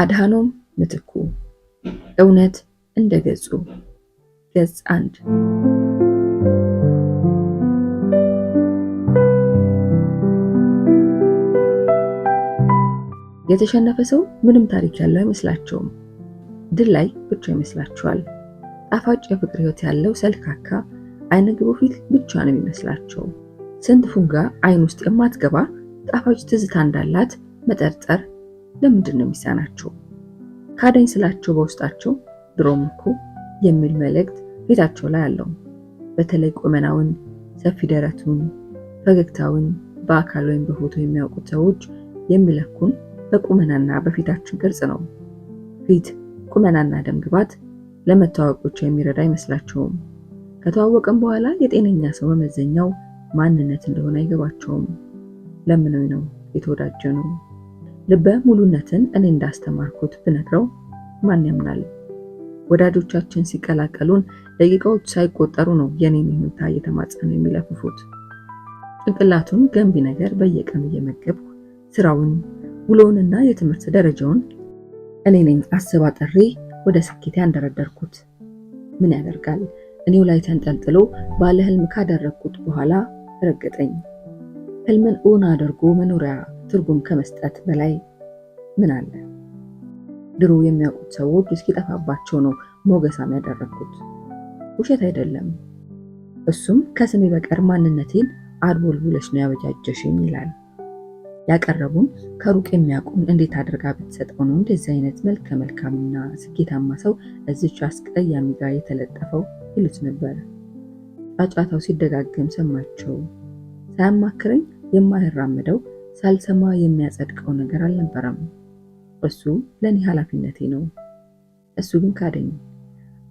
አድሃኖም ምትኩ እውነት እንደ ገጹ ገጽ አንድ የተሸነፈ ሰው ምንም ታሪክ ያለው አይመስላቸውም። ድል ላይ ብቻ ይመስላቸዋል። ጣፋጭ የፍቅር ሕይወት ያለው ሰልካካ አይነ ግቡ ፊት ብቻ ነው የሚመስላቸው። ስንት ፉጋ አይን ውስጥ የማትገባ ጣፋጭ ትዝታ እንዳላት መጠርጠር ለምንድን ነው የሚሳናቸው? ካደኝ ስላቸው በውስጣቸው ድሮም እኮ የሚል መልእክት ፊታቸው ላይ አለው። በተለይ ቁመናውን፣ ሰፊ ደረቱን፣ ፈገግታውን በአካል ወይም በፎቶ የሚያውቁት ሰዎች የሚለኩን በቁመናና በፊታችን ቅርጽ ነው። ፊት፣ ቁመናና ደምግባት ግባት ብቻ የሚረዳ አይመስላቸውም። ከተዋወቀም በኋላ የጤነኛ ሰው መመዘኛው ማንነት እንደሆነ አይገባቸውም። ለምነው ነው የተወዳጀ ነው ልበ ሙሉነትን እኔ እንዳስተማርኩት ብነግረው ማን ያምናል? ወዳጆቻችን ሲቀላቀሉን ደቂቃዎች ሳይቆጠሩ ነው የኔን ይሁንታ እየተማጸኑ የሚለፍፉት። ጭንቅላቱን ገንቢ ነገር በየቀኑ እየመገብኩ ስራውን፣ ውሎውንና የትምህርት ደረጃውን እኔ ነኝ አስባ ጥሬ ወደ ስኬት ያንደረደርኩት። ምን ያደርጋል እኔው ላይ ተንጠልጥሎ ባለ ህልም ካደረግኩት በኋላ ረገጠኝ። ህልምን እውን አድርጎ መኖሪያ ትርጉም ከመስጠት በላይ ምን አለ? ድሮ የሚያውቁት ሰዎች እስኪጠፋባቸው ነው ሞገሳም ያደረግኩት። ውሸት አይደለም። እሱም ከስሜ በቀር ማንነቴን አድቦል ብለሽ ነው ያበጃጀሽኝ ይላል። ያቀረቡን ከሩቅ የሚያውቁን እንዴት አድርጋ ብትሰጠው ነው እንደዚህ አይነት መልከ መልካምና ስኬታማ ሰው እዚች አስቀያሚ ጋር የተለጠፈው ይሉት ነበር። ጫጫታው ሲደጋገም ሰማቸው። ሳያማክረኝ የማይራመደው ሳልሰማ የሚያጸድቀው ነገር አልነበረም። እሱ ለእኔ ኃላፊነቴ ነው። እሱ ግን ካደኝ።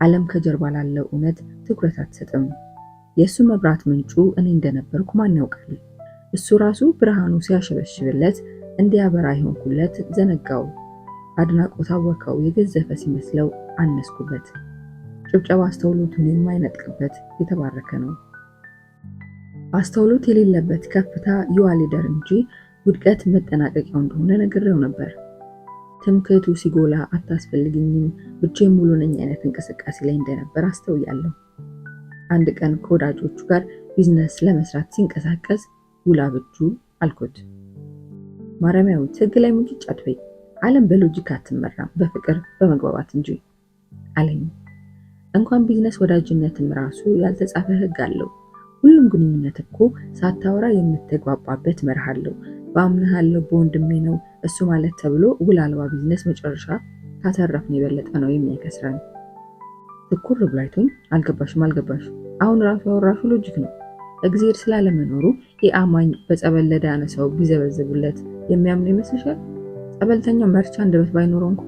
ዓለም ከጀርባ ላለው እውነት ትኩረት አትሰጥም። የእሱ መብራት ምንጩ እኔ እንደነበርኩ ማን ያውቃል? እሱ ራሱ ብርሃኑ ሲያሸበሽብለት እንዲያበራ የሆንኩለት ዘነጋው። አድናቆት አወቀው። የገዘፈ ሲመስለው አነስኩበት። ጭብጨባ አስተውሎቱን የማይነጥቅበት የተባረከ ነው። አስተውሎት የሌለበት ከፍታ ይዋልደር እንጂ ውድቀት መጠናቀቂያው እንደሆነ ነግሬው ነበር። ትምክህቱ ሲጎላ አታስፈልግኝም፣ ብቻዬን ሙሉ ነኝ አይነት እንቅስቃሴ ላይ እንደነበር አስተውያለሁ። አንድ ቀን ከወዳጆቹ ጋር ቢዝነስ ለመስራት ሲንቀሳቀስ ውላ ብጁ አልኩት። ማረሚያዊት ህግ ላይ ሙጭጭ አትበይ፣ ዓለም በሎጂክ አትመራም፣ በፍቅር በመግባባት እንጂ አለኝ። እንኳን ቢዝነስ ወዳጅነትም ራሱ ያልተጻፈ ህግ አለው። ሁሉም ግንኙነት እኮ ሳታወራ የምትግባባበት መርህ አለው። በአምናሃለሁ በወንድሜ ነው እሱ ማለት ተብሎ ውል አልባ ቢዝነስ መጨረሻ ካተረፍን የበለጠ ነው የሚያከስረን። ትኩር ብሎ አልገባሽም አልገባሽ አሁን ራሱ ያወራሹ ሎጂክ ነው። እግዚር ስላለመኖሩ የአማኝ በጸበል ለዳነ ሰው ቢዘበዝቡለት የሚያምኑ ይመስልሻል? ጸበልተኛው መርቻ አንደበት ባይኖረው እንኳ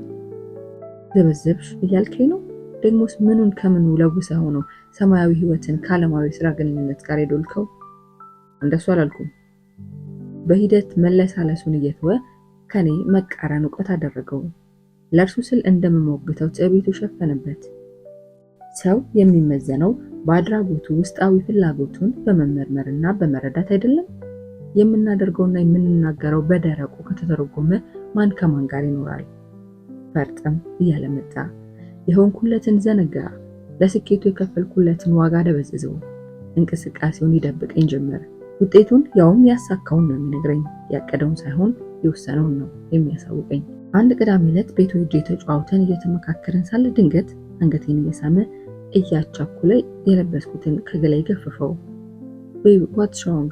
ዘበዘብሽ እያልከኝ ነው። ደግሞስ ምኑን ከምኑ ለውሰ ሆነው ሰማያዊ ህይወትን ከዓለማዊ ስራ ግንኙነት ጋር የዶልከው? እንደሱ አላልኩም። በሂደት መለሳለሱን እየተወ ከኔ መቃረን እውቀት አደረገው። ለእርሱ ስል እንደምሞግተው ትዕቢቱ ሸፈነበት። ሰው የሚመዘነው በአድራጎቱ ውስጣዊ ፍላጎቱን በመመርመርና በመረዳት አይደለም። የምናደርገውና የምንናገረው በደረቁ ከተተረጎመ ማን ከማን ጋር ይኖራል? ፈርጥም እያለ መጣ። የሆንኩለትን ዘነጋ። ለስኬቱ የከፈልኩለትን ዋጋ ደበዝዘው። እንቅስቃሴውን ይደብቀኝ ጀመር። ውጤቱን ያውም ያሳካውን ነው የሚነግረኝ። ያቀደውን ሳይሆን የወሰነውን ነው የሚያሳውቀኝ። አንድ ቅዳሜ ዕለት ቤቱ ሄጄ ተጫዋውተን እየተመካከርን ሳለ ድንገት አንገቴን እየሳመ እያቻኩለ የለበስኩትን ከገላይ ቤቢ ዋትስ ሮንግ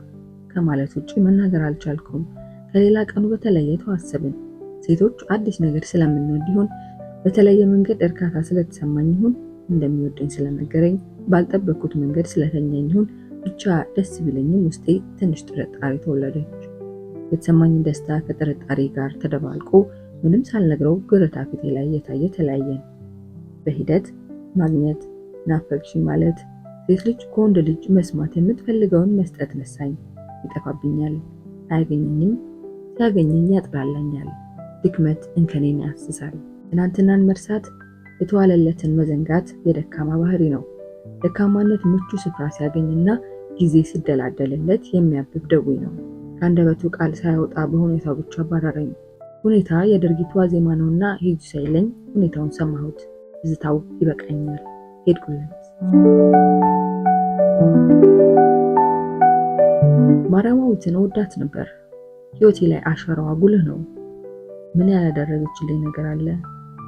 ከማለት ውጭ መናገር አልቻልኩም። ከሌላ ቀኑ በተለየ ተዋሰብን። ሴቶች አዲስ ነገር ስለምንወድ ይሆን በተለየ መንገድ እርካታ ስለተሰማኝ ይሆን እንደሚወደኝ ስለነገረኝ ባልጠበኩት መንገድ ስለተኛኝ ይሆን ብቻ ደስ ቢለኝም ውስጤ ትንሽ ጥርጣሬ ተወለደች። የተሰማኝን ደስታ ከጥርጣሬ ጋር ተደባልቆ ምንም ሳልነግረው ግርታ ፊቴ ላይ እየታየ ተለያየን። በሂደት ማግኘት ናፈቅሽኝ ማለት ሴት ልጅ ከወንድ ልጅ መስማት የምትፈልገውን መስጠት ነሳኝ። ይጠፋብኛል፣ አያገኘኝም፣ ሲያገኘኝ ያጥላላኛል። ድክመት እንከኔን ያስሳል። ትናንትናን መርሳት፣ የተዋለለትን መዘንጋት የደካማ ባህሪ ነው። ደካማነት ምቹ ስፍራ ሲያገኝና ጊዜ ሲደላደልለት የሚያብብ ደዌ ነው። ከአንደበቱ ቃል ሳያወጣ በሁኔታው ብቻ አባረረኝ። ሁኔታ የድርጊቱ ዋዜማ ነውና ሂጅ ሳይለኝ ሁኔታውን ሰማሁት። ትዝታው ይበቃኛል። ሄድኩለት። ማርያማዊትን ወዳት ነበር። ህይወቴ ላይ አሻራዋ ጉልህ ነው። ምን ያላደረገችልኝ ነገር አለ?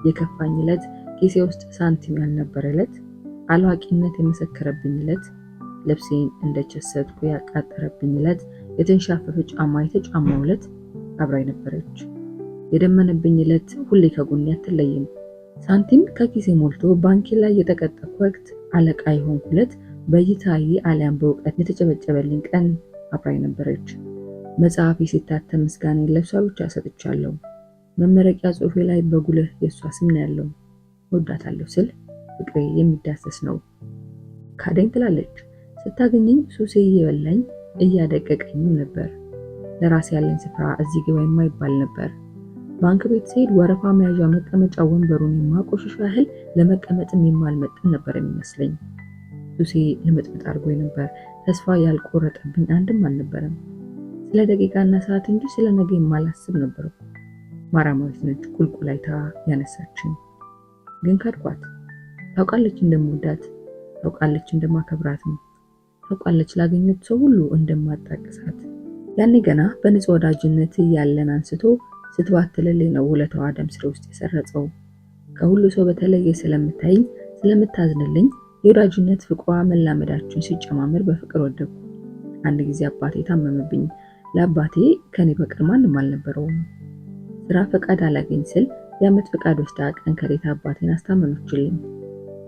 የከፋኝ ዕለት፣ ኪሴ ውስጥ ሳንቲም ያልነበረ ዕለት፣ አላዋቂነት የመሰከረብኝ ዕለት ልብሴን እንደጀሰትኩ ያቃጠረብኝ ዕለት፣ የተንሻፈፈ ጫማ የተጫማው ዕለት አብራይ ነበረች። የደመነብኝ ዕለት ሁሌ ከጎኔ አትለይም። ሳንቲም ከኪሴ ሞልቶ ባንኪ ላይ የተቀጠቅኩ ወቅት፣ አለቃ የሆንኩ ዕለት፣ በእይታዬ አሊያም በእውቀት የተጨበጨበልኝ ቀን አብራይ ነበረች። መጽሐፌ ሲታተም ምስጋና ለሷ ብቻ ሰጥቻለሁ። መመረቂያ ጽሑፌ ላይ በጉልህ የእሷ ስም ነው ያለው። ወዳታለሁ ስል ፍቅሬ የሚዳሰስ ነው። ካደኝ ትላለች። ስታገኘኝ ሱሴ እየበላኝ እያደቀቀኝም ነበር። ለራሴ ያለኝ ስፍራ እዚህ ግባ የማይባል ነበር። ባንክ ቤት ስሄድ ወረፋ መያዣ መቀመጫ ወንበሩን የማቆሸሹ ያህል ለመቀመጥም የማልመጥን ነበር የሚመስለኝ። ሱሴ ልምጥምጥ አድርጎኝ ነበር። ተስፋ ያልቆረጠብኝ አንድም አልነበረም። ስለ ደቂቃና ሰዓት እንጂ ስለ ነገ የማላስብ ነበር። ማራማዊት ነች፣ ቁልቁላይታ ያነሳችን። ግን ከድኳት። ታውቃለች እንደምወዳት፣ ታውቃለች ነው። ታውቃለች ላገኘሁት ሰው ሁሉ እንደማጣቅሳት። ያኔ ገና በንጹህ ወዳጅነት ያለን አንስቶ ስትባትልልኝ ነው ውለታዋ ደም ስሬ ውስጥ የሰረጸው። ከሁሉ ሰው በተለየ ስለምታይኝ፣ ስለምታዝንልኝ የወዳጅነት ፍቅሯ መላመዳችን ሲጨማምር በፍቅር ወደኩ። አንድ ጊዜ አባቴ ታመመብኝ። ለአባቴ ከኔ በቀር ማንም አልነበረውም። ስራ ፈቃድ አላገኝ ስል የአመት ፈቃድ ወስዳ ቀን ከሌት አባቴን አስታመመችልኝ።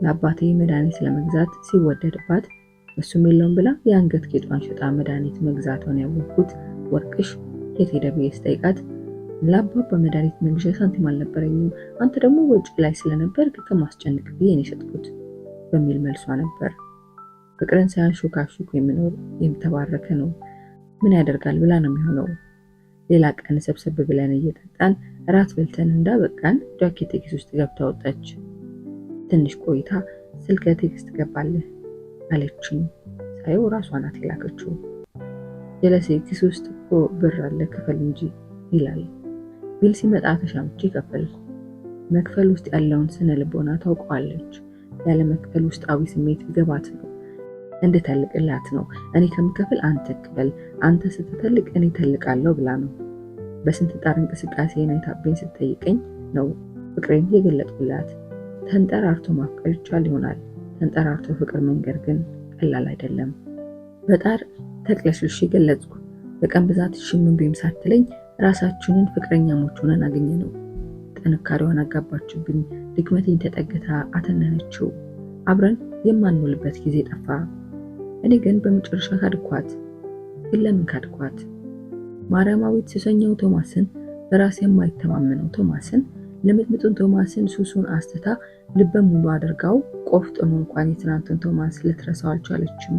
ለአባቴ መድኃኒት ለመግዛት ሲወደድባት እሱም የለውም ብላ የአንገት ጌጧን ሽጣ መድኃኒት መግዛቷን ያወቅኩት ወርቅሽ የት ሄደ ብዬ ስጠይቃት ላባ በመድኃኒት መግዣ ሳንቲም አልነበረኝም፣ አንተ ደግሞ ወጪ ላይ ስለነበር ከማስጨንቅ ብዬ ነው የሸጥኩት በሚል መልሷ ነበር። ፍቅርን ሳያንሾካሹክ የሚኖር የተባረከ ነው። ምን ያደርጋል ብላ ነው የሚሆነው። ሌላ ቀን ሰብሰብ ብለን እየጠጣን እራት በልተን እንዳበቃን ጃኬት ኪስ ውስጥ ገብታ ወጣች። ትንሽ ቆይታ ስልክ ቴክስት ገባልህ። አለችኝ። ሳየው ራሷ ናት የላከችው። ጀለሴ ኪስ ውስጥ እኮ ብር አለ ክፈል እንጂ ይላል። ቢል ሲመጣ ተሻምቼ ከፈልኩ። መክፈል ውስጥ ያለውን ስነ ልቦና ታውቀዋለች። ያለ መክፈል ውስጣዊ ስሜት ሊገባት ነው እንድተልቅላት ነው። እኔ ከምከፍል አንተ ክፈል፣ አንተ ስትተልቅ እኔ ተልቃለሁ ብላ ነው። በስንት ጣር እንቅስቃሴ አይታብኝ ስትጠይቀኝ ነው ፍቅሬን የገለጥኩላት። ተንጠራርቶ ማፍቀር ይቻል ይሆናል። ተንጠራርቶ ፍቅር መንገድ ግን ቀላል አይደለም። በጣር ተቅለሽልሽ ገለጽኩ። በቀን ብዛት ሽምን ቢም ሳትለኝ ራሳችንን ፍቅረኛሞች ሆነን አገኘ ነው። ጥንካሬዋን አጋባችሁብኝ። ድክመቴን ተጠግታ አተነነችው። አብረን የማንውልበት ጊዜ ጠፋ። እኔ ግን በመጨረሻ ካድኳት። ግን ለምን ካድኳት? ማርያማዊት ስሰኛው ቶማስን በራስ የማይተማመነው ቶማስን ልምጥምጡን ቶማስን ሱሱን አስተታ ልበ ሙሉ አድርጋው ቆፍጥኖ እንኳን የትናንቱን ቶማስ ልትረሳው አልቻለችም።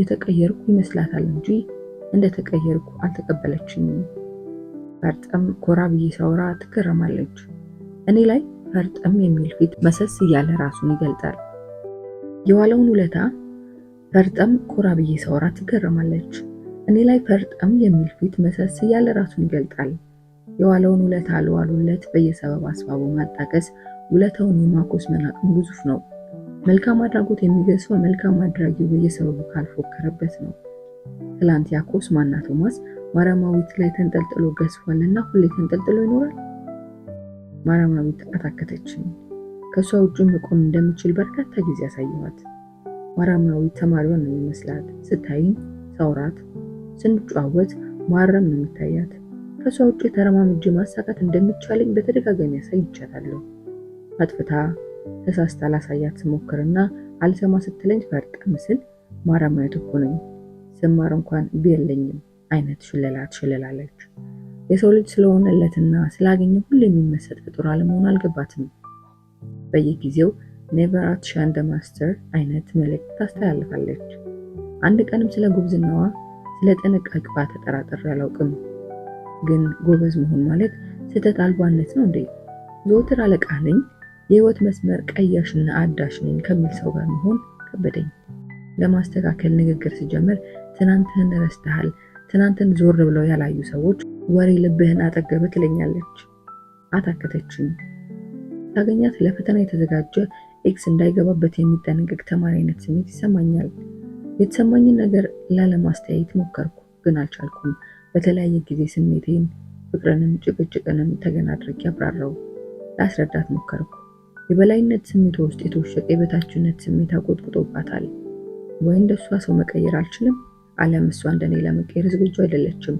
የተቀየርኩ ይመስላታል እንጂ እንደተቀየርኩ አልተቀበለችኝም። ፈርጠም ኮራ ብዬ ሳውራ ትገረማለች። እኔ ላይ ፈርጠም የሚል ፊት መሰስ እያለ ራሱን ይገልጣል። የዋለውን ውለታ ፈርጠም ኮራ ብዬ ሳውራ ትገረማለች። እኔ ላይ ፈርጠም የሚል ፊት መሰስ እያለ ራሱን ይገልጣል። የዋለውን ውለታ አልዋሉለት በየሰበብ አስባቡ ማጣቀስ ውለታውን የማኮስ መናቅም ግዙፍ ነው። መልካም አድራጎት የሚገዝፈው መልካም አድራጊው በየሰበቡ ካልፎከረበት ነው። ትላንት ያኮስ ማና ቶማስ ማረማዊት ላይ ተንጠልጥሎ ገዝፏልና ሁሌ ተንጠልጥሎ ይኖራል። ማረማዊት አታከተችኝ። ከእሷ ውጭ መቆም እንደምችል በርካታ ጊዜ ያሳየዋት ማረማዊት ተማሪዋን ነው ይመስላት። ስታይኝ ሳውራት፣ ስንጫወት ማረም ነው የሚታያት። ከሷ ውጭ ተረማምጄ ማሳካት እንደሚቻለኝ በተደጋጋሚ አሳይቻታለሁ። አጥፍታ ተሳስታ ላሳያት ስሞክርና አልሰማ ስትለኝ ፈርጠም ስል ማራማየት እኮ ነኝ ስማር እንኳን ቢየለኝም አይነት ሽለላ ትሽለላለች። የሰው ልጅ ስለሆነለትና ስላገኘ ሁሉ የሚመሰጥ ፍጡር አለመሆን አልገባትም። በየጊዜው ኔቨር አትሻ ማስተር አይነት መልእክት ታስተላልፋለች። አንድ ቀንም ስለ ጉብዝናዋ ስለ ጥንቃቄዋ ተጠራጥሬ አላውቅም። ግን ጎበዝ መሆን ማለት ስህተት አልባነት ነው እንዴ? ዘወትር አለቃ ነኝ፣ የህይወት መስመር ቀያሽና አዳሽ ነኝ ከሚል ሰው ጋር መሆን ከበደኝ። ለማስተካከል ንግግር ስጀምር ትናንትህን ረስተሃል፣ ትናንትን ዞር ብለው ያላዩ ሰዎች ወሬ ልብህን አጠገበ ትለኛለች። አታከተችኝ። ታገኛት ለፈተና የተዘጋጀ ኤክስ እንዳይገባበት የሚጠነቀቅ ተማሪ አይነት ስሜት ይሰማኛል። የተሰማኝን ነገር ላለማስተያየት ሞከርኩ፣ ግን አልቻልኩም። በተለያየ ጊዜ ስሜቴን፣ ፍቅርንም ጭቅጭቅንም ተገናድርጌ አብራራው፣ ላስረዳት ሞከርኩ። የበላይነት ስሜት ውስጥ የተወሸቀ የበታችነት ስሜት አቆጥቁጦባታል። ወይ እንደሷ ሰው መቀየር አልችልም፣ አለም እሷ እንደኔ ለመቀየር ዝግጁ አይደለችም።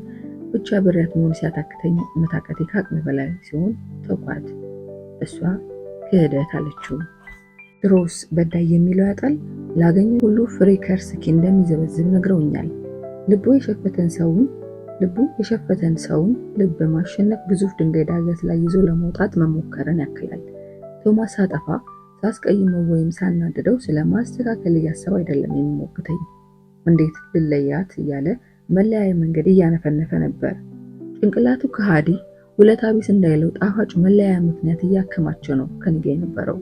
ብቻ ብሪያት መሆን ሲያታክተኝ መታቀቴ ከአቅም በላይ ሲሆን ተውኳት። እሷ ክህደት አለችው። ድሮስ በዳይ የሚለው ያጣል ላገኘ ሁሉ ፍሬ ከርስኪ እንደሚዘበዝብ ነግረውኛል። ልቦ የሸፈተን ሰውን ልቡ የሸፈተን ሰውን ልብ በማሸነፍ ግዙፍ ድንጋይ ዳገት ላይ ይዞ ለመውጣት መሞከርን ያክላል። ቶማስ ሳጠፋ፣ ሳስቀይመው ወይም ሳናደደው ስለ ማስተካከል አይደለም የሚሞግተኝ። እንዴት ልለያት እያለ መለያየ መንገድ እያነፈነፈ ነበር። ጭንቅላቱ ከሃዲ ሁለት አቢስ እንዳይለው ጣፋጭ መለያያ ምክንያት እያከማቸው ነው ከንጋ የነበረው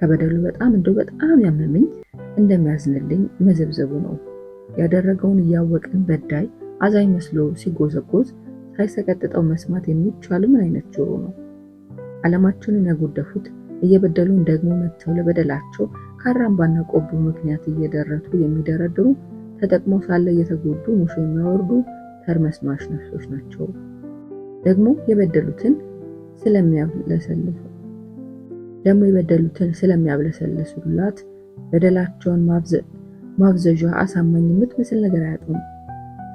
ከበደሉ በጣም እንደው በጣም ያመመኝ እንደሚያዝንልኝ መዘብዘቡ ነው። ያደረገውን እያወቅን በዳይ አዛኝ መስሎ ሲጎዘጎዝ ሳይሰቀጥጠው መስማት የሚቻል ምን አይነት ጆሮ ነው? ዓለማችንን ያጎደፉት እየበደሉን ደግሞ መጥተው ለበደላቸው ካራምባና ቆቦ ምክንያት እየደረቱ የሚደረድሩ ተጠቅሞ ሳለ እየተጎዱ ሙሾ የሚያወርዱ ተርመስማሽ ነፍሶች ናቸው። ደግሞ የበደሉትን ስለሚያብለሰልሱ ደግሞ የበደሉትን ስለሚያብለሰልሱላት በደላቸውን ማብዘዣ አሳማኝ የምትመስል ነገር አያጡም።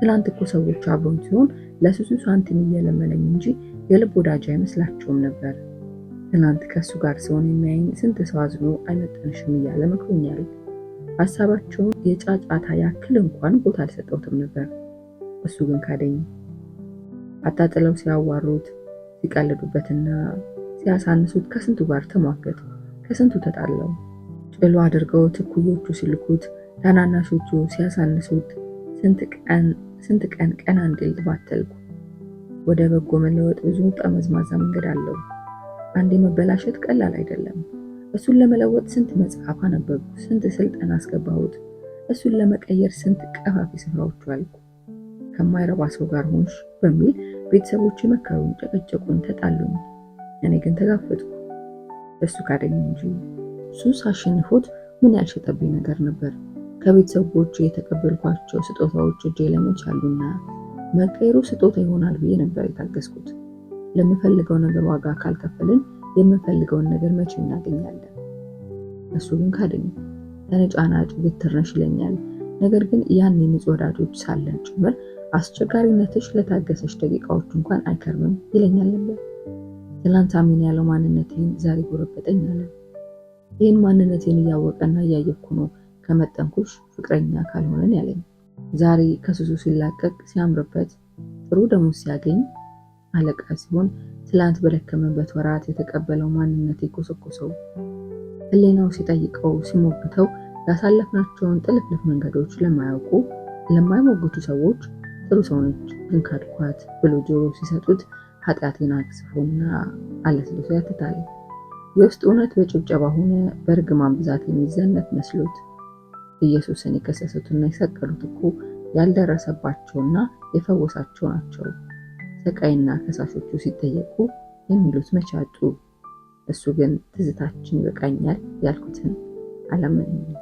ትላንት እኮ ሰዎች አብሮን ሲሆን ለስሱ ሳንቲም እየለመነኝ እንጂ የልብ ወዳጅ አይመስላቸውም ነበር። ትናንት ከእሱ ጋር ሲሆን የሚያይኝ ስንት ሰው አዝኖ አይመጠንሽም እያለ መክሮኛል። ሀሳባቸውን የጫጫታ ያክል እንኳን ቦታ አልሰጠሁትም ነበር። እሱ ግን ካደኝ። አጣጥለው ሲያዋሩት፣ ሲቀልዱበትና ሲያሳንሱት ከስንቱ ጋር ተሟገት፣ ከስንቱ ተጣለው። ጭሎ አድርገው ትኩዮቹ ሲልኩት፣ ታናናሾቹ ሲያሳንሱት ስንት ቀን ስንት ቀን ቀን አንዴ ልባተልኩ። ወደ በጎ መለወጥ ብዙ ጠመዝማዛ መንገድ አለው። አንዴ መበላሸት ቀላል አይደለም። እሱን ለመለወጥ ስንት መጽሐፍ አነበብኩ፣ ስንት ስልጠና አስገባሁት። እሱን ለመቀየር ስንት ቀፋፊ ስፍራዎች አልኩ። ከማይረባ ሰው ጋር ሆንሽ በሚል ቤተሰቦች መከሩን፣ ጨቀጨቁን፣ ተጣሉኝ። እኔ ግን ተጋፈጥኩ። እሱ ካደኝ እንጂ ሱስ አሸንፎት ምን ያልሸጠብኝ ነገር ነበር። ከቤተሰቦቹ የተቀበልኳቸው ስጦታዎች እጄ ለመች መቀየሩ ስጦታ ይሆናል ብዬ ነበር የታገስኩት። ለምፈልገው ነገር ዋጋ ካልከፈልን የምፈልገውን ነገር መቼ እናገኛለን? እሱ ግን ካደኝ። ተነጫናጭ ብትረሽ ይለኛል። ነገር ግን ያን ንጹህ ወዳጆች ሳለን ጭምር አስቸጋሪነትሽ ለታገሰች ደቂቃዎች እንኳን አይከርምም ይለኛል ነበር። ትላንት አሜን ያለው ማንነቴን ዛሬ ጎረበጠኝ አለ። ይህን ማንነቴን እያወቀና እያየኩ ነው ከመጠንኩሽ ፍቅረኛ ካልሆነን ያለኝ ዛሬ ከሱሱ ሲላቀቅ ሲያምርበት ጥሩ ደሞዝ ሲያገኝ አለቃ ሲሆን ትላንት በደከመበት ወራት የተቀበለው ማንነት የኮሰኮሰው ህሌናው ሲጠይቀው ሲሞግተው ያሳለፍናቸውን ጥልፍልፍ መንገዶች ለማያውቁ ለማይሞግቱ ሰዎች ጥሩ ሰውነች ግንካድኳት እንካድኳት ብሎ ጆሮ ሲሰጡት ኃጢአቴን አግዝፎና አለስልሶ ያትታል። የውስጥ እውነት በጭብጨባ ሆነ በእርግማን ብዛት የሚዘነት መስሎት ኢየሱስን የከሰሱትና የሰቀሉት እኮ ያልደረሰባቸውና የፈወሳቸው ናቸው። ሰቃይና ከሳሾቹ ሲጠየቁ የሚሉት መቼ አጡ? እሱ ግን ትዝታችን ይበቃኛል ያልኩትን አላመነኝም።